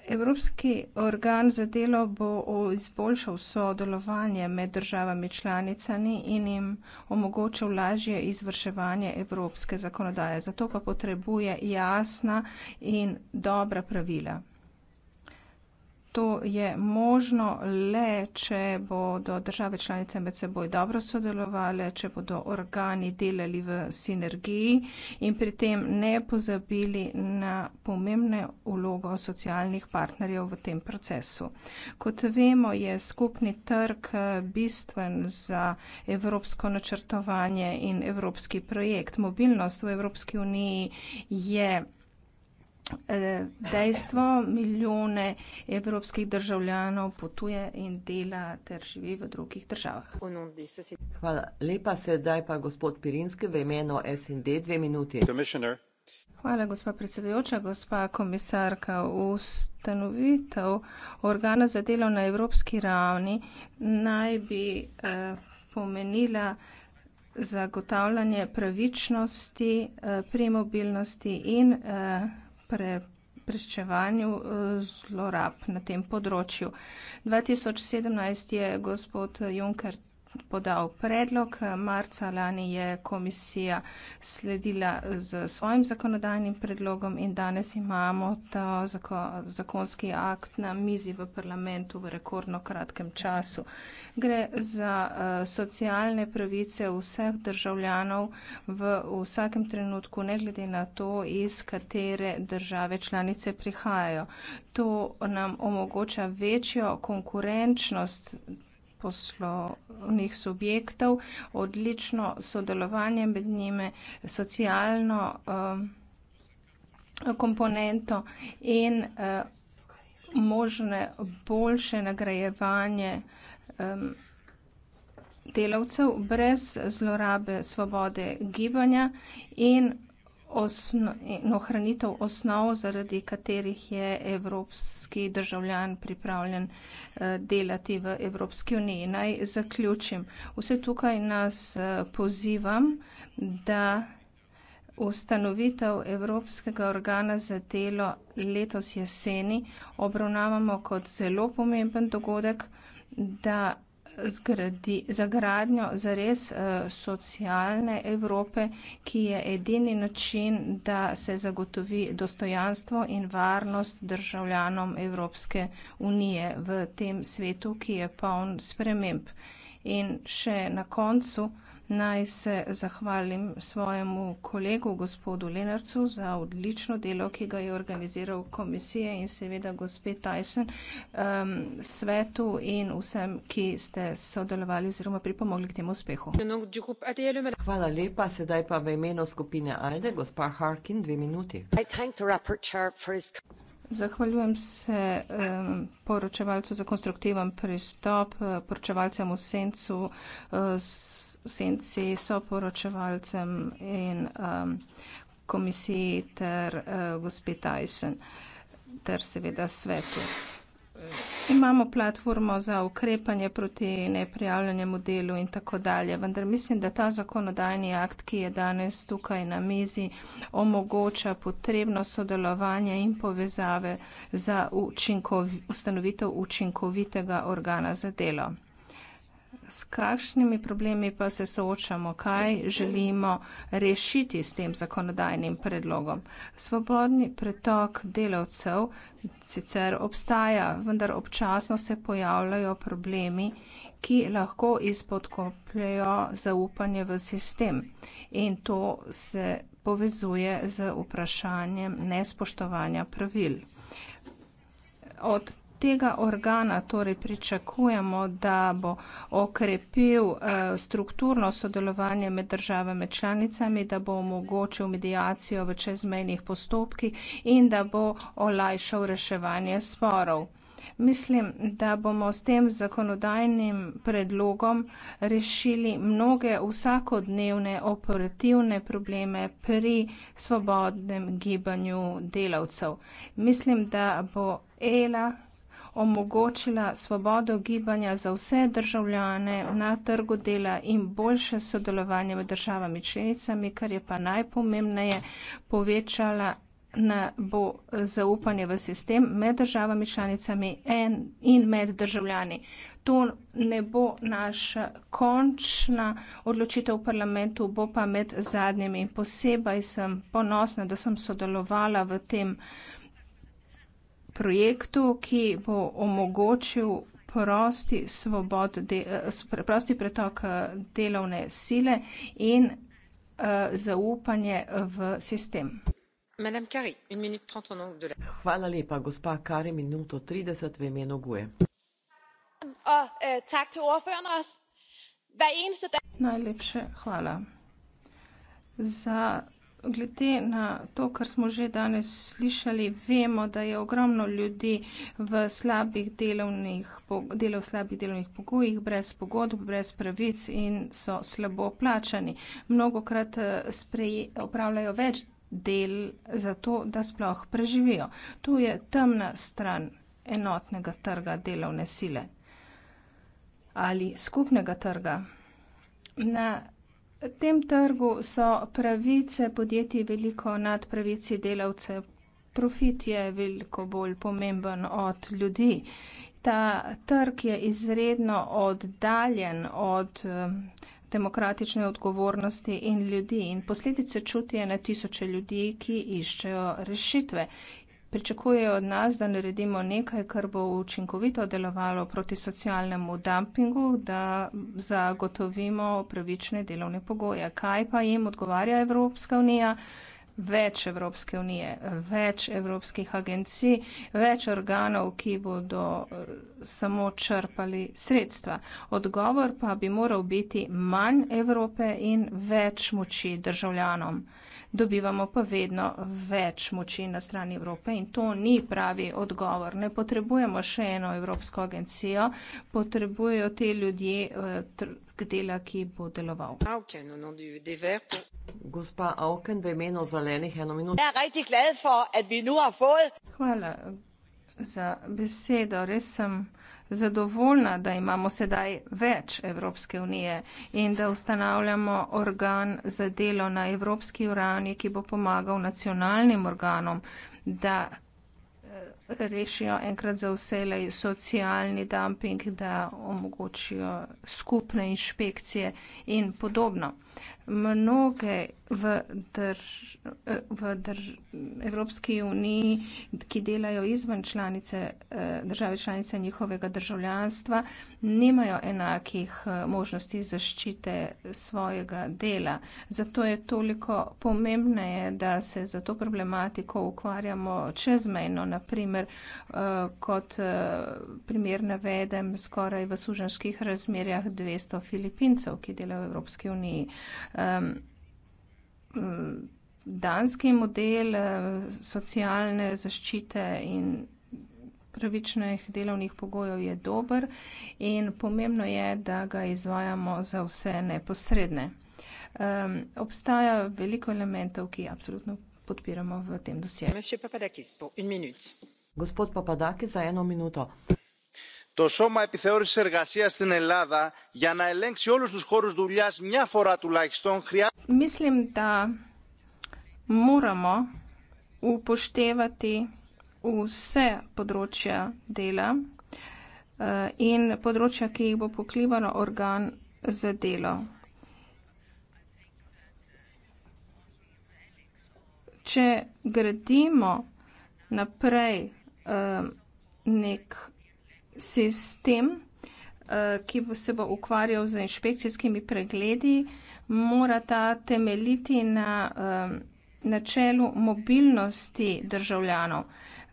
Evropski organ za delo bo izboljšal sodelovanje med državami članicami in jim omogočil lažje izvrševanje evropske zakonodaje. Zato pa potrebuje jasna in dobra pravila. To je možno le, če bodo države članice med seboj dobro sodelovali, če bodo organi delali v sinergiji in pri tem ne pozabili na pomembne ulogo socialnih partnerjev v tem procesu. Kot vemo, je skupni trg eh, bistven za evropsko načrtovanje in evropski projekt. Mobilnost v Evropski uniji je. Eh, dejstvo, milijone evropskih državljanov potuje in dela ter živi v drugih državah. Hvala lepa, sedaj pa gospod Pirinski v imenu SND dve minuti. Hvala, gospa predsedujoča, gospa komisarka. Ustanovitev organa za delo na evropski ravni naj bi eh, pomenila zagotavljanje pravičnosti eh, pri mobilnosti in eh, pre, prečevanju eh, zlorab na tem področju. 2017 je gospod Juncker podal predlog. Marca lani je komisija sledila z svojim zakonodajnim predlogom in danes imamo ta zakonski akt na mizi v parlamentu v rekordno kratkem času. Gre za eh, socialne pravice vseh državljanov v vsakem trenutku, ne glede na to, iz katere države članice prihajajo. To nam omogoča večjo konkurenčnost poslovnih subjektov, odlično sodelovanje med njimi, socialno um, komponento in uh, možne boljše nagrajevanje um, delavcev brez zlorabe svobode gibanja in osno, ohranitev osnov, zaradi katerih je evropski državljan pripravljen eh, delati v Evropski uniji. Naj zaključim. Vse tukaj nas eh, pozivam, da ustanovitev Evropskega organa za delo letos jeseni obravnavamo kot zelo pomemben dogodek, da zgradi, za gradnjo zares uh, socialne Evrope, ki je edini način, da se zagotovi dostojanstvo in varnost državljanom Evropske unije v tem svetu, ki je poln sprememb. In še na koncu. Naj se zahvalim svojemu kolegu, gospodu Lenarcu, za odlično delo, ki ga je organiziral komisije in seveda gospe Tyson, um, svetu in vsem, ki ste sodelovali oziroma pripomogli k temu uspehu. Hvala lepa, sedaj pa v imenu skupine ALDE, gospa Harkin, dve minuti. Zahvaljujem se um, poročevalcu za konstruktiven pristop, eh, poročevalcem v sencu, eh, v senci so poročevalcem in um, komisiji ter uh, gospi Tyson ter seveda svetu. Imamo platformo za ukrepanje proti neprijavljenemu delu in tako dalje, vendar mislim, da ta zakonodajni akt, ki je danes tukaj na mizi, omogoča potrebno sodelovanje in povezave za učinkovi, ustanovitev učinkovitega organa za delo s kakšnimi problemi pa se soočamo, kaj želimo rešiti s tem zakonodajnim predlogom. Svobodni pretok delavcev sicer obstaja, vendar občasno se pojavljajo problemi, ki lahko izpodkopljajo zaupanje v sistem. In to se povezuje z vprašanjem nespoštovanja pravil. Od tega organa torej pričakujemo, da bo okrepil eh, strukturno sodelovanje med državami članicami, da bo omogočil medijacijo v čezmejnih postopkih in da bo olajšal reševanje sporov. Mislim, da bomo s tem zakonodajnim predlogom rešili mnoge vsakodnevne operativne probleme pri svobodnem gibanju delavcev. Mislim, da bo Ela omogočila svobodo gibanja za vse državljane na trgu dela in boljše sodelovanje med državami članicami, kar je pa najpomembneje povečala na bo zaupanje v sistem med državami članicami en in med državljani. To ne bo naša končna odločitev v parlamentu, bo pa med zadnjimi. Posebej sem ponosna, da sem sodelovala v tem projektu, ki bo omogočil prosti, svobod, de, prosti pretok eh, delovne sile in uh, zaupanje v sistem. Hvala lepa, gospa Kari, minuto 30 v imenu Guje. Eh, Najlepše hvala za. Glede na to, kar smo že danes slišali, vemo, da je ogromno ljudi v slabih delovnih, delo v slabih delovnih pogojih, brez pogodb, brez pravic in so slabo plačani. Mnogokrat eh, spreji, opravljajo več del za to, da sploh preživijo. To je temna stran enotnega trga delovne sile ali skupnega trga. Na tem trgu so pravice podjetij veliko nad pravici delavcev. Profit je veliko bolj pomemben od ljudi. Ta trg je izredno oddaljen od eh, demokratične odgovornosti in ljudi in posledice čutijo na tisoče ljudi, ki iščejo rešitve pričakujejo od nas, da naredimo nekaj, kar bo učinkovito delovalo proti socialnemu dumpingu, da zagotovimo pravične delovne pogoje. Kaj pa jim odgovarja Evropska unija? Več Evropske unije, več evropskih agencij, več organov, ki bodo eh, samo črpali sredstva. Odgovor pa bi moral biti manj Evrope in več moči državljanom dobivamo pa vedno več moči na strani Evrope in to ni pravi odgovor. Ne potrebujemo še eno Evropsko agencijo, potrebujejo te ljudje eh, trg dela, ki bo deloval. Gospa Auken, v imenu zelenih eno minuto. Er Hvala za besedo, res sem zadovoljna, da imamo sedaj več Evropske unije in da ustanavljamo organ za delo na Evropski urani, ki bo pomagal nacionalnim organom, da eh, rešijo enkrat za vselej socialni dumping, da omogočijo skupne inšpekcije in podobno mnoge v, drž, v drž, Evropski uniji, ki delajo izven članice, eh, države članice njihovega državljanstva, nimajo enakih eh, možnosti zaščite svojega dela. Zato je toliko pomembneje, da se za to problematiko ukvarjamo čezmejno, naprimer eh, kot primer navedem skoraj v suženskih razmerjah 200 Filipincev, ki delajo v Evropski uniji um, danski model eh, socialne zaščite in pravičnih delovnih pogojev je dober in pomembno je, da ga izvajamo za vse neposredne. Um, obstaja veliko elementov, ki absolutno podpiramo v tem dosjeju. Gospod Papadakis, za eno minuto το σώμα επιθεώρησης εργασίας στην Ελλάδα για να ελέγξει όλους τους χώρους δουλειάς μια φορά τουλάχιστον χρειάζεται... vse področja dela in področja, ki jih bo poklivalo organ za delo. Če gradimo naprej nek sistem, eh, ki se bo ukvarjal z inšpekcijskimi pregledi, mora ta temeljiti na eh, načelu mobilnosti državljanov.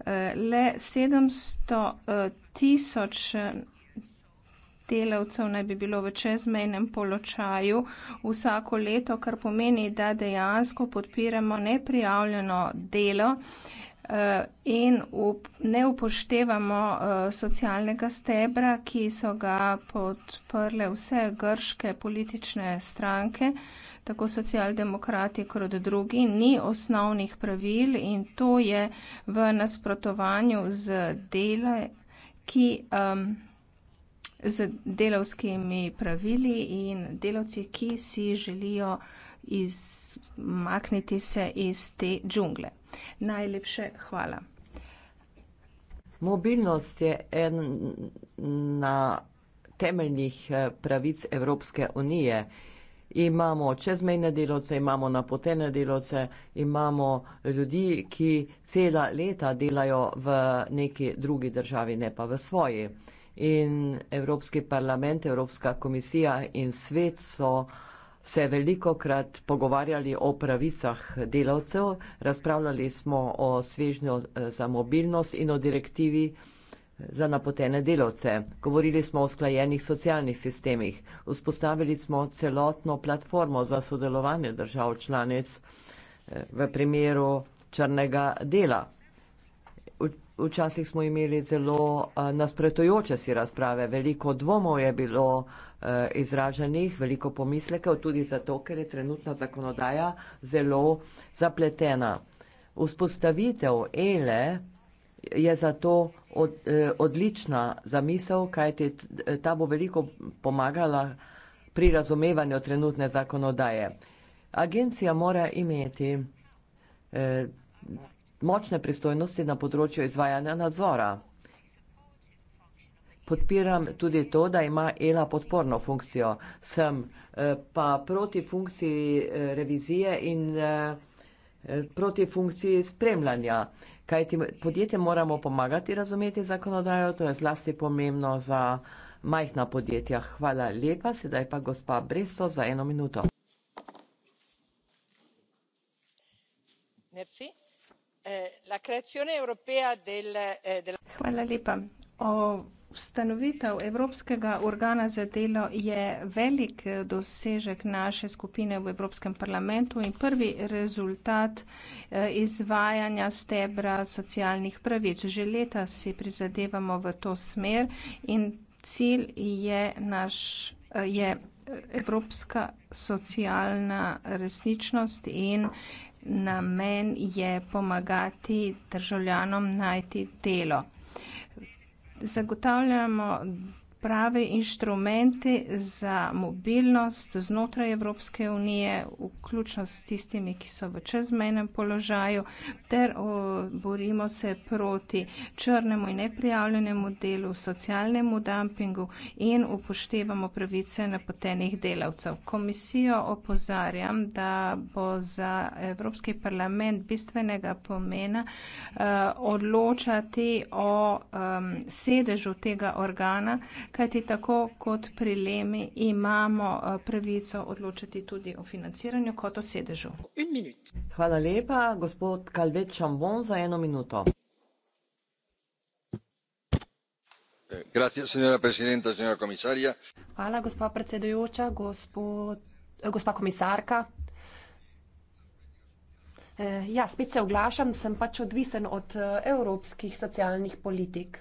Eh, le 700 tisoč delavcev naj bi bilo v čezmejnem poločaju vsako leto, kar pomeni, da dejansko podpiramo neprijavljeno delo. Eh, in ne upoštevamo eh, socialnega stebra, ki so ga podprle vse grške politične stranke, tako socialdemokrati kot drugi, ni osnovnih pravil in to je v nasprotovanju z dele, ki, z delavskimi pravili in delavci, ki si želijo izmakniti se iz te džungle. Najlepše hvala. Mobilnost je ena temeljnih eh, pravic Evropske unije. Imamo čezmejne delovce, imamo napotene delovce, imamo ljudi, ki cela leta delajo v neki drugi državi, ne pa v svoji. In Evropski parlament, Evropska komisija in svet so uh, se veliko krat pogovarjali o pravicah delavcev, razpravljali smo o svežnju eh, za mobilnost in o direktivi eh, za napotene delavce. Govorili smo o sklajenih socialnih sistemih. Vzpostavili smo celotno platformo za sodelovanje držav članic eh, v primeru črnega dela. Včasih smo imeli zelo nasprotujoče si razprave, veliko dvomov je bilo, Eh, izraženih veliko pomislekov, tudi zato, ker je trenutna zakonodaja zelo zapletena. Vzpostavitev ELE je zato od, eh, odlična zamisel, kajti eh, ta bo veliko pomagala pri razumevanju trenutne zakonodaje. Agencija mora imeti eh, močne pristojnosti na področju izvajanja nadzora. Podpiram tudi to, da ima ELA podporno funkcijo. Sem eh, pa proti funkciji eh, revizije in eh, proti funkciji spremljanja. Kajti podjetje moramo pomagati razumeti zakonodajo, to je zlasti pomembno za majhna podjetja. Hvala lepa, sedaj pa gospa Bresto za eno minuto. Merci. La creazione europea del... Hvala lepa. O Ustanovitev Evropskega organa za delo je velik dosežek naše skupine v Evropskem parlamentu in prvi rezultat eh, izvajanja stebra socialnih pravic. Že leta si prizadevamo v to smer in cilj je naš. Eh, je Evropska socialna resničnost in namen je pomagati državljanom najti delo. Uh, zagotavljamo prave inštrumente za mobilnost znotraj Evropske unije, vključno s tistimi, ki so v čezmenem položaju, ter borimo se proti črnemu in neprijavljenemu delu, socialnemu dumpingu in upoštevamo pravice napotenih delavcev. Komisijo opozarjam, da bo za Evropski parlament bistvenega pomena eh, odločati o sedežu tega organa, kajti tako kot pri Lemi imamo eh, pravico odločiti tudi o financiranju kot o sedežu. Hvala lepa, gospod Kalvet Šambon, za eno minuto. Eh, Hvala, gospa predsedujoča, gospod, eh, gospa komisarka. Ja, spet se oglašam, sem pač odvisen od evropskih socialnih politik.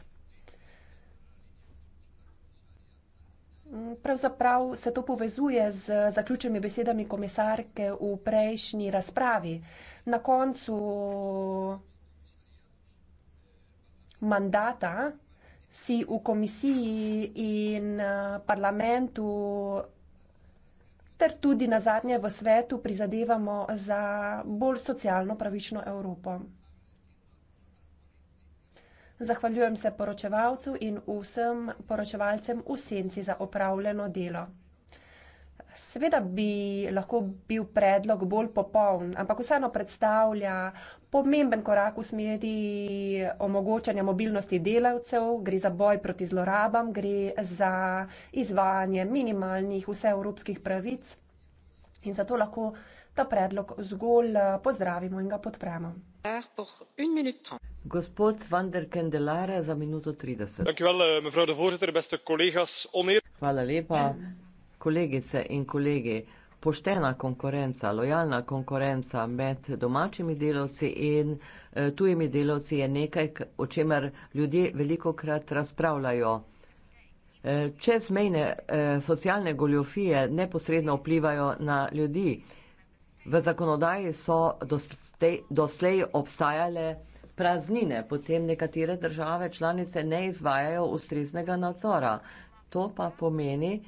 pravzaprav se to povezuje z zaključnimi besedami komisarke v prejšnji razpravi. Na koncu mandata si v komisiji in eh, parlamentu ter tudi na zadnje v svetu prizadevamo za bolj socialno pravično Evropo. Zahvaljujem se poročevalcu in vsem poročevalcem v senci za opravljeno delo. Seveda bi lahko bil predlog bolj popoln, ampak vseeno predstavlja pomemben korak v smeri omogočanja mobilnosti delavcev, gre za boj proti zlorabam, gre za izvajanje minimalnih vseevropskih pravic in zato lahko ta predlog zgolj eh, pozdravimo in ga podpremo. Gospod Van der Kendelare za minuto 30. Dankjewel, eh, mevrouw de voorzitter, beste collega's. Oneer... Hvala lepa, kolegice in kolegi. Poštena konkurenca, lojalna konkurenca med domačimi delavci in eh, tujimi delavci je nekaj, o čemer ljudje veliko krat razpravljajo. Eh, čezmejne socialne goljofije neposredno vplivajo na ljudi. V zakonodaji so doslej obstajale praznine, potem nekatere države članice ne izvajajo ustreznega nadzora. To pa pomeni,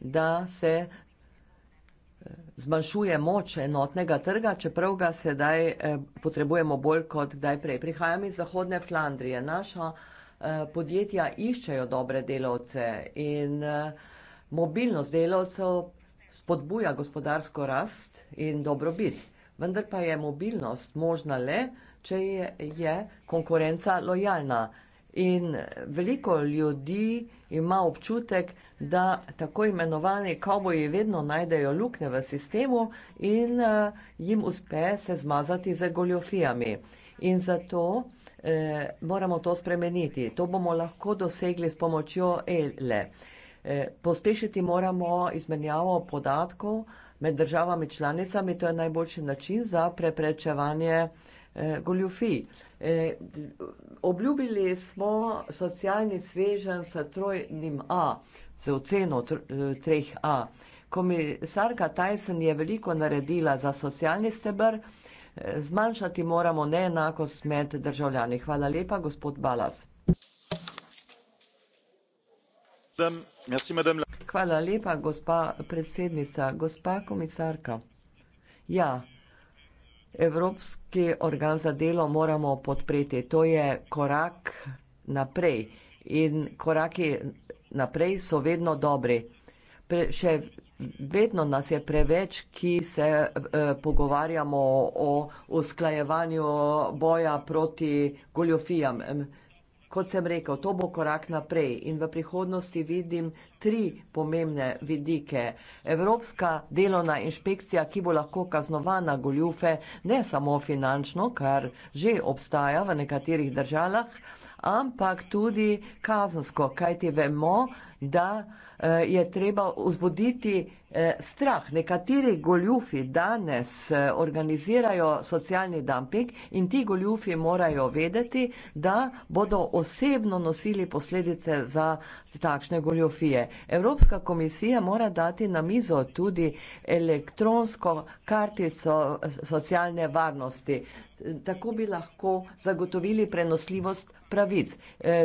da se eh, zmanjšuje moč enotnega trga, čeprav ga sedaj eh, potrebujemo bolj kot kdaj prej. Prihajam iz Zahodne Flandrije. Naša eh, podjetja iščejo dobre delovce in mobilnost delovcev spodbuja gospodarsko rast in dobrobit. Vendar pa je mobilnost možna le, če je konkurenca lojalna. In veliko ljudi ima občutek, da tako imenovani kavboji vedno najdejo lukne v sistemu in uh, jim uspe se zmazati z goljofijami. In zato eh, moramo to spremeniti. To bomo lahko dosegli s pomočjo ELE. Eh, pospešiti moramo izmenjavo podatkov med državami članicami. To je najboljši način za preprečevanje eh, eh, goljufij. Eh, obljubili smo socialni svežen s trojnim A, z oceno tr eh, treh A. Komisarka Tyson je veliko naredila za socialni stebr, eh, zmanjšati moramo neenakost med državljani. Hvala lepa, gospod Balas. Hvala lepa, gospa predsednica, gospa komisarka. Ja. Evropski organ za delo moramo podpreti. To je korak naprej in koraki naprej so vedno dobri. Pre, še vedno nas je preveč, ki se eh, pogovarjamo o usklajevanju boja proti goljofijam. Eh, kot sem rekel, to bo korak naprej in v prihodnosti vidim tri pomembne vidike. Evropska delovna inšpekcija, ki bo lahko kaznovana goljufe, ne samo finančno, kar že obstaja v nekaterih državah, ampak tudi kazensko, kajti vemo, da eh, je treba vzbuditi eh, strah. Nekateri goljufi danes eh, organizirajo socialni dumping in ti goljufi morajo vedeti, da bodo osebno nosili posledice za takšne goljufije. Evropska komisija mora dati na mizo tudi elektronsko kartico socialne varnosti. Tako bi lahko zagotovili prenosljivost pravic.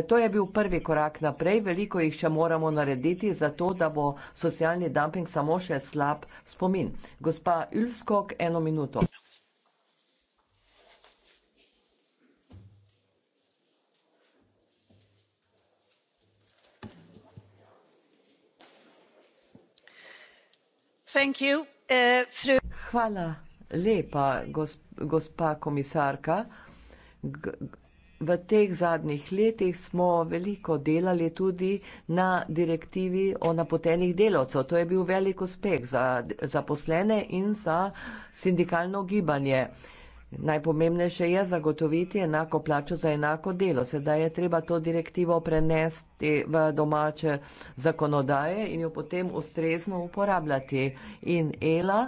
To je bil prvi korak naprej, veliko jih še moramo narediti za to, da bo socialni dumping samo še slab spomin. Gospa Ilskog, eno minuto. Eh, Hvala lepa, gospa komisarka. V teh zadnjih letih smo veliko delali tudi na direktivi o napotenih delovcev. To je bil velik uspeh za zaposlene in za sindikalno gibanje. Najpomembnejše je zagotoviti enako plačo za enako delo. Sedaj je treba to direktivo prenesti v domače zakonodaje in jo potem ustrezno uporabljati. In ELA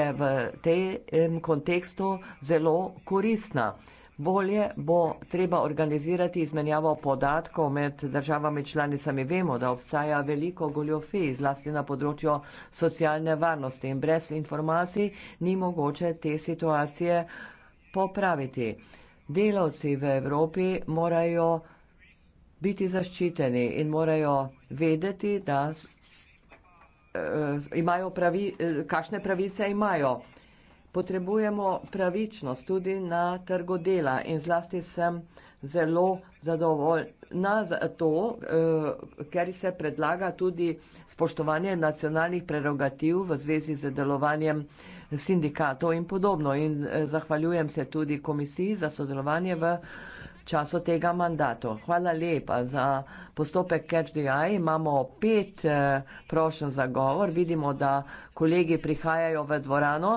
je v tem kontekstu zelo koristna bolje bo treba organizirati izmenjavo podatkov med državami članicami. Vemo, da obstaja veliko goljofej, zlasti na področju socialne varnosti in brez informacij ni mogoče te situacije popraviti. Delavci v Evropi morajo biti zaščiteni in morajo vedeti, da eh, imajo pravi, eh, kakšne pravice imajo. Potrebujemo pravičnost tudi na trgu dela in zlasti sem zelo zadovoljna za to, eh, ker se predlaga tudi spoštovanje nacionalnih prerogativ v zvezi z delovanjem sindikatov in podobno. In eh, zahvaljujem se tudi komisiji za sodelovanje v času tega mandatu. Hvala lepa za postopek CatchDI. Imamo pet eh, prošen zagovor. Vidimo, da kolegi prihajajo v dvorano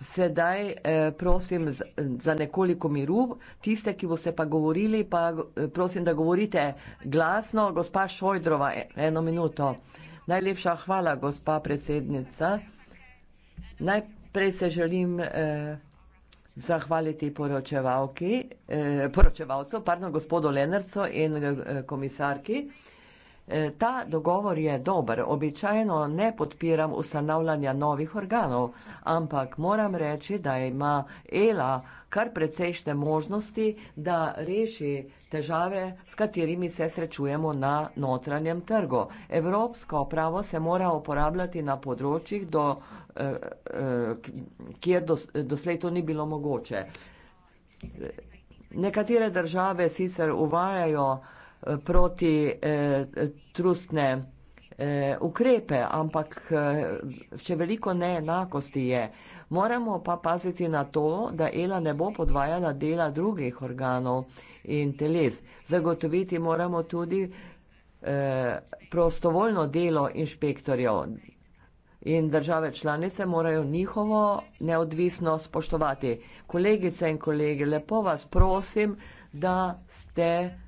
sedaj eh, prosim z, za nekoliko miru. Tiste, ki boste pa govorili, pa eh, prosim, da govorite glasno. Gospa Šojdrova, e, eno minuto. Najlepša hvala, gospa predsednica. Najprej se želim eh, zahvaliti poročevalki, eh, poročevalcu, pardon, gospodu Lenarcu in eh, komisarki. Eh, Eh, ta dogovor je dober. Običajno ne podpiram ustanavljanja novih organov, ampak moram reči, da ima Ela kar precejšne možnosti, da reši težave, s katerimi se srečujemo na notranjem trgu. Evropsko pravo se mora uporabljati na področjih, do, eh, eh, kjer dos, doslej to ni bilo mogoče. Nekatere države sicer uvajajo proti eh, trustne eh, ukrepe, ampak eh, še veliko neenakosti je. Moramo pa paziti na to, da ela ne bo podvajala dela drugih organov in teles. Zagotoviti moramo tudi prostovoljno delo inšpektorjev in države članice morajo njihovo neodvisnost spoštovati. Kolegice in kolege, lepo vas prosim, da ste vsega.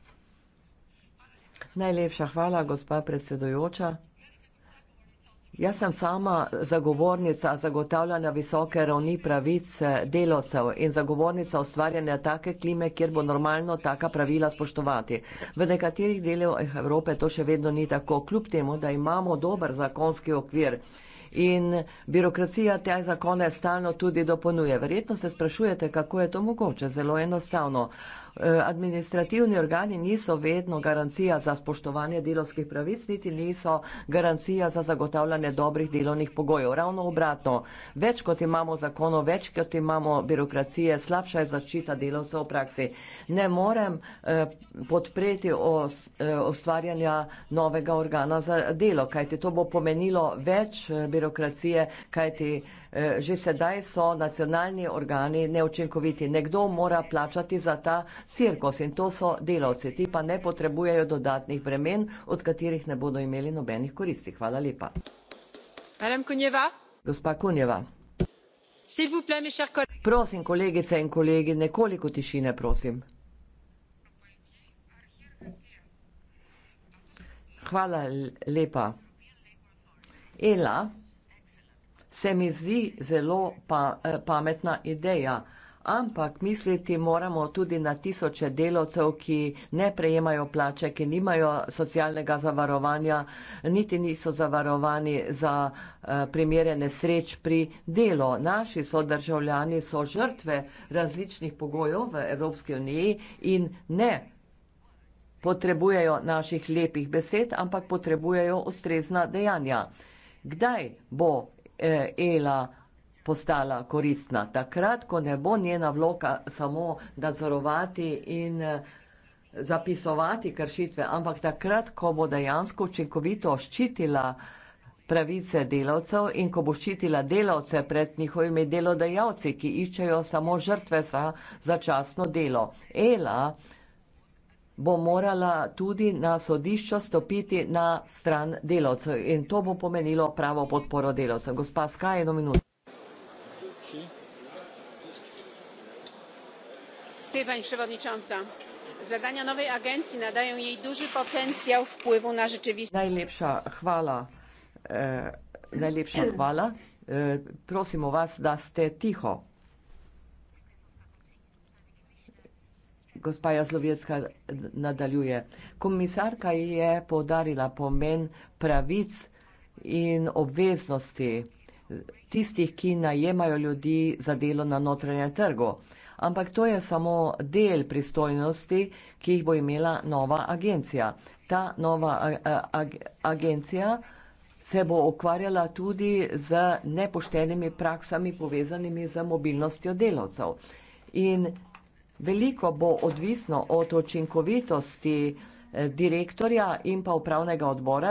Najlepša hvala, gospa predsedujoča. Jaz sem sama zagovornica zagotavljanja visoke ravni pravic eh, delovcev in zagovornica ustvarjanja take klime, kjer bo normalno taka pravila spoštovati. V nekaterih delih Evrope to še vedno ni tako, kljub temu, da imamo dober zakonski okvir. In birokracija te zakone stalno tudi dopolnjuje. Verjetno se sprašujete, kako je to mogoče. Zelo enostavno. Eh, administrativni organi niso vedno garancija za spoštovanje delovskih pravic, niti niso garancija za zagotavljanje dobrih delovnih pogojev. Ravno obratno, več kot imamo zakonov, več kot imamo birokracije, slabša je zaščita delovcev v praksi. Ne morem eh, podpreti eh, ustvarjanja novega organa za delo, kajti to bo pomenilo več birokracije, kajti Eh, že sedaj so nacionalni organi neočinkoviti. Nekdo mora plačati za ta cirkus in to so delavci. Ti pa ne potrebujejo dodatnih bremen, od katerih ne bodo imeli nobenih koristi. Hvala lepa. Gospa Kunjeva. Prosim, kolegice in kolegi, nekoliko tišine, prosim. Hvala lepa. Ela se mi zdi zelo pa, eh, pametna ideja. Ampak misliti moramo tudi na tisoče delovcev, ki ne prejemajo plače, ki nimajo socialnega zavarovanja, niti niso zavarovani za eh, primere nesreč pri delu. Naši so državljani, so žrtve različnih pogojev v Evropski uniji in ne potrebujejo naših lepih besed, ampak potrebujejo ustrezna dejanja. Kdaj bo Eh, Ela postala koristna. Takrat, ko ne bo njena vloga samo nadzorovati in eh, zapisovati kršitve, ampak takrat, ko bo dejansko učinkovito ščitila pravice delavcev in ko bo ščitila delavce pred njihovimi delodajalci, ki iščejo samo žrtve za začasno delo. Ela bo morala tudi na sodišča stopiti na stran delavcev in to bo pomenilo pravo podporo delavcev. Gospa Ska, eno minuto. Gospa pani predsednica, zadanja nove agencije nadajo ji duži potencial vplivu na rečevitost. Najlepša hvala. Eh, najlepša hvala. Eh, prosimo vas, da ste tiho. gospa Jazlovecka nadaljuje. Komisarka je povdarila pomen pravic in obveznosti tistih, ki najemajo ljudi za delo na notranjem trgu. Ampak to je samo del pristojnosti, ki jih bo imela nova agencija. Ta nova ag agencija se bo ukvarjala tudi z nepoštenimi praksami povezanimi z mobilnostjo delavcev. In Veliko bo odvisno od učinkovitosti eh, direktorja in pa upravnega odbora.